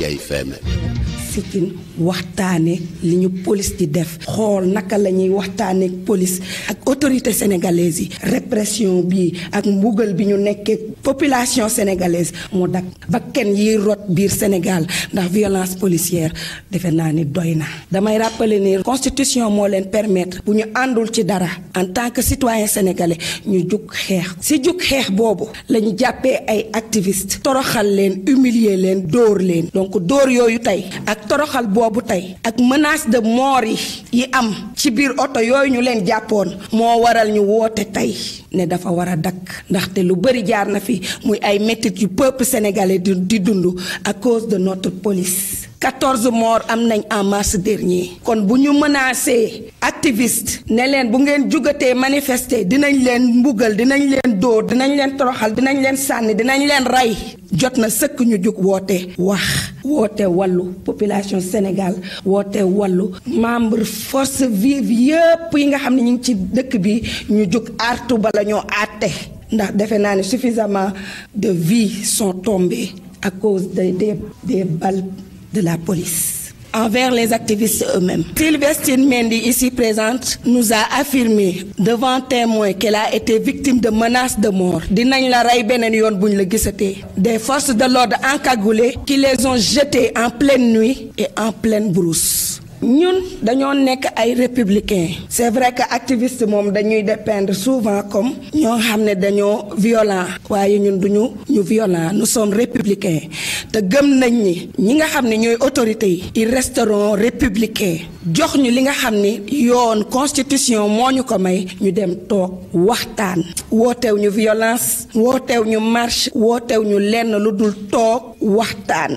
Afia FM. Sikine waxtaane li ñu police di def xool naka la ñuy waxtaane police ak autorité sénégalaise yi repression bi ak mbugal bi ñu nekkee population sénégalaise mu dak ba kenn yiy rot biir Sénégal ndax violence policière defe naa ni doy na damay rappeler ni constitution moo leen permettre bu ñu àndul ci dara en tant que citoyen sénégalais ñu jug xeex si jug xeex boobu lañu jàppee ay activistes toroxal leen humilier leen dóor leen donc dóor yooyu tey toroxal boobu tey ak menace de mort yi yi am ci biir oto yooyu ñu leen jàppoon moo waral ñu woote tey ne dafa war a dakk ndaxte lu bëri jaar na fi muy ay métit yu peuple sénégalais di dund ak cause de notre police 14 morts am nañ en mars dernier kon bu ñu menacé activiste ne leen bu ngeen jugatee manifester dinañ leen mbugal dinañ leen dóor dinañ leen toroxal dinañ leen sànni dinañ leen rey jot na sëkk ñu jug woote wax woote wàllu population Sénégal woote wàllu membre force vive yëpp yi nga xam ne ñu ngi ci dëkk bi ñu jóg artu bala ñoo àtte ndax defe naa ne suffisamment de vies sont tombées à cause des des des balles de la police. envers les activistes eux-mêmes. Sylvestine Mendy, ici présente, nous a affirmé devant témoins qu'elle a été victime de menaces de mort. dinañ la rey beneen yoon buñ la gisatee. des forces de l'ordre encagoulées qui les ont jetées en pleine nuit et en pleine brousse. ñun dañoo nekk ay républicains c'est vrai que activiste moom dañuy dépendre souvent comme ñoo xam ne dañoo violant waaye ñun duñu ñu violent nous sommes républicain te gëm nañ ni ñi nga xam ne ñooy autorités yi di resteront républicains jox ñu li nga xam ni yoon constitution moo ñu ko may ñu dem toog waxtaan wooteew ñu violance wooteew ñu marché wooteew ñu lenn lu dul toog waxtaan